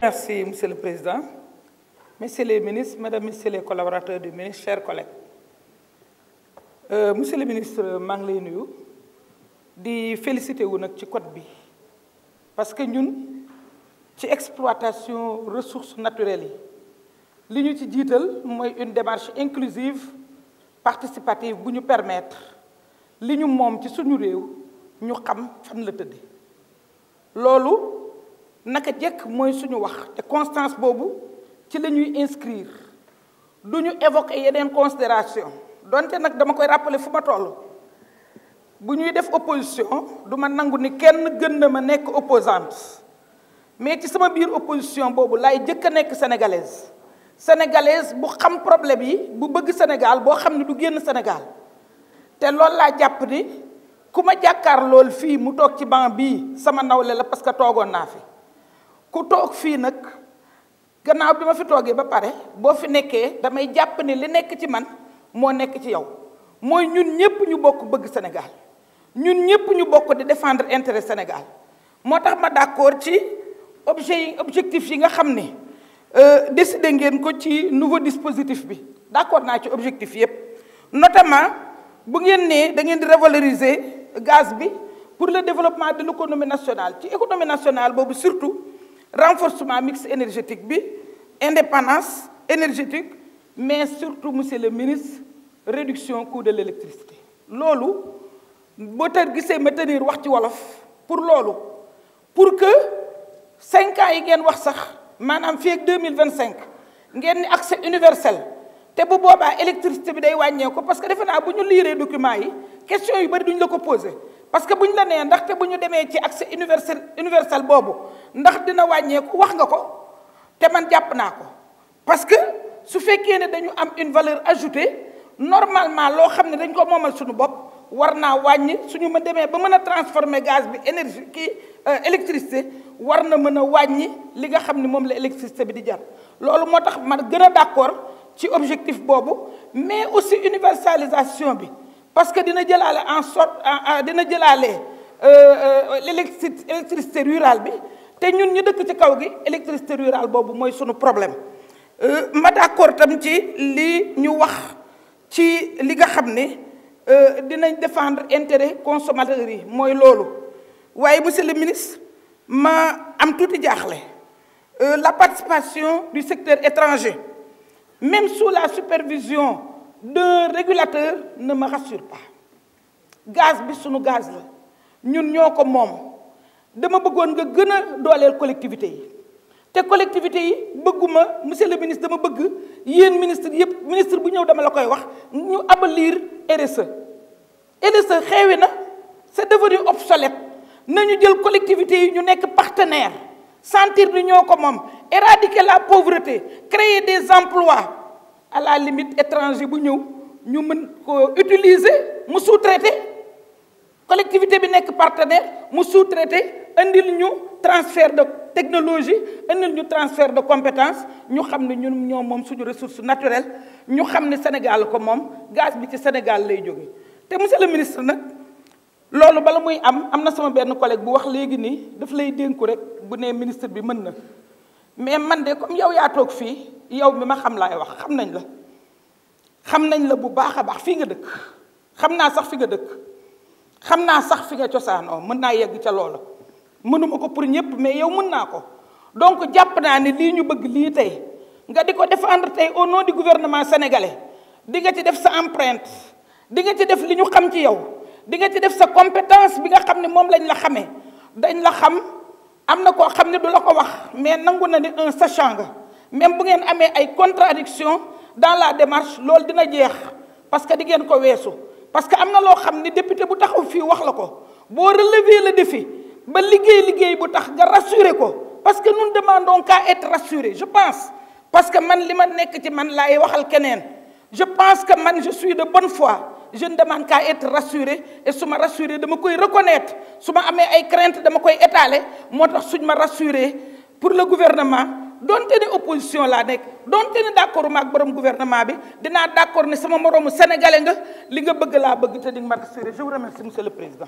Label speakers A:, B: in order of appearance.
A: Merci, Monsieur le Président. Messieurs les ministres, Mesdames, Messieurs les collaborateurs du ministre, chers collègues. Euh, monsieur le ministre Manglé ngi félicite nuyu di parce que ñun l'exploitation des ressources naturelles yi une démarche inclusive participative pour nous permettre de ñu moom ci suñu réew ñu xam fan la tëdde naka jëkk moy suñu wax te constance bobu ci lañuy inscrire duñu évoquer yeneen considération donte nak dama koy rappeler fu ma toll bu ñuy def opposition du ma nangu ni kenn gën na ma nekk opposante mais ci sama biir opposition boobu laay jëkk a nekk sénégalaise sénégalaise bu xam problème yi bu bëgg Sénégal boo xam ne du génn Sénégal te loolu laa jàpp ni ku ma jàkkaar lool fii mu toog ci banc bii sama nawle la parce que toogoon naa fi ku toog fii nag gannaaw bi ma fi toogee ba pare boo fi nekkee damay jàpp ne li nekk ci man moo nekk ci yow mooy ñun ñëpp ñu bokk bëgg Sénégal ñun ñëpp ñu bokk di défendre intérêt Sénégal moo tax ma d'accord ci objet yi objectif yi nga xam ne euh, décidé ngeen ko ci nouveau dispositif bi d'accord naa ci objectif yëpp notamment bu ngeen ne da ngeen di revaloriser gaz bi pour le développement de l'économie nationale ci économie nationale boobu surtout renforcement mix énergétique bi indépendance énergétique mais surtout monsieur le ministre réduction coût de l'électricité lolu boo pour lolu pour que 5 ans yi ngeen wax sax manam accès universel té bu boobaa électricité bi day parce que bu document yi question yu bari duñ la ko parce que bu la né ndax accès universel universel ndax dina wax nga ko man parce que su féké ne am une valeur ajoutée normalement lo xamné dañ ko suñu transformer gaz bi énergie euh, électricité war li nga ne la électricité bi di d'accord ci objectif mais aussi universalisation parce que dina en sorte euh, euh, l'électricité rurale bi té ñun ñu dëkk ci kaw gi électricité rurale bobu moy suñu problème euh, ma d'accord tam ci li ñu wax ci li nga dinañ défendre intérêt consommateurs yi monsieur le ministre ma am la participation du secteur étranger même sous la supervision d'un régulateur, ne me rassure pas. gaz c'est gaz Nous sommes comme dama que nga collectivité yi monsieur le ministre ministre abolir RSE. RSE c'est devenu obsolète partenaire sentir l'Union comme éradiquer la pauvreté créer des emplois à la limite étranger bu nous utiliser nous sous-traiter collectivité bi partenaire mu sous-traiter nous ñu transfert de technologie nous transfert de compétences, nous xam nous ñun sommes moom suñu ressource naturelle ñu xam le Sénégal ko gaz bi ci Sénégal Et monsieur le ministre nag loolu bala muy am am sama benn collègue bu wax léegi daf lay ministre bi mais man de comme yow yaa toog fii yow bi ma xam lay wax xam nañ la xam nañ la bu baax a baax fii nga dëkk xam naa sax fi nga dëkk xam naa sax fi nga cosaanoo mën naa yegg ca loola mënuma ko pour ñëpp mais yow mën naa ko donc jàpp naa ne lii ñu bëgg lii tey nga di ko défendre tey au nom du gouvernement sénégalais di nga ci def sa empreinte di nga ci def li ñu xam ci yow di nga ci def sa compétence bi nga xam ne moom lañ la xamee dañ la xam amna ko koo xam ne du la ko wax mais nangou na ni un sachant nga même bu ngeen amé ay contradiction dans la démarche lol dina jeex parce que di ngeen ko weesu parce que amna lo loo député bu taxaw fi wax la ko relever le défi ba liggéey liggéey bu tax ga rassurer ko parce que nous demandons qu'à être rassurés je pense parce que man li ma ci man lay waxal kenen je pense que man je suis de bonne foi je ne demande qu'à être rassuré et je ma rassuré dama me reconnaître Si ma ay crainte dama koy étaler je suis rassuré pour le gouvernement donte ne opposition là nekk donte ne d' accord ma ak borom gouvernement bi dinaa d'accord accord ne sama sénégalais nga li nga bëgg bëgg je vous remercie monsieur le président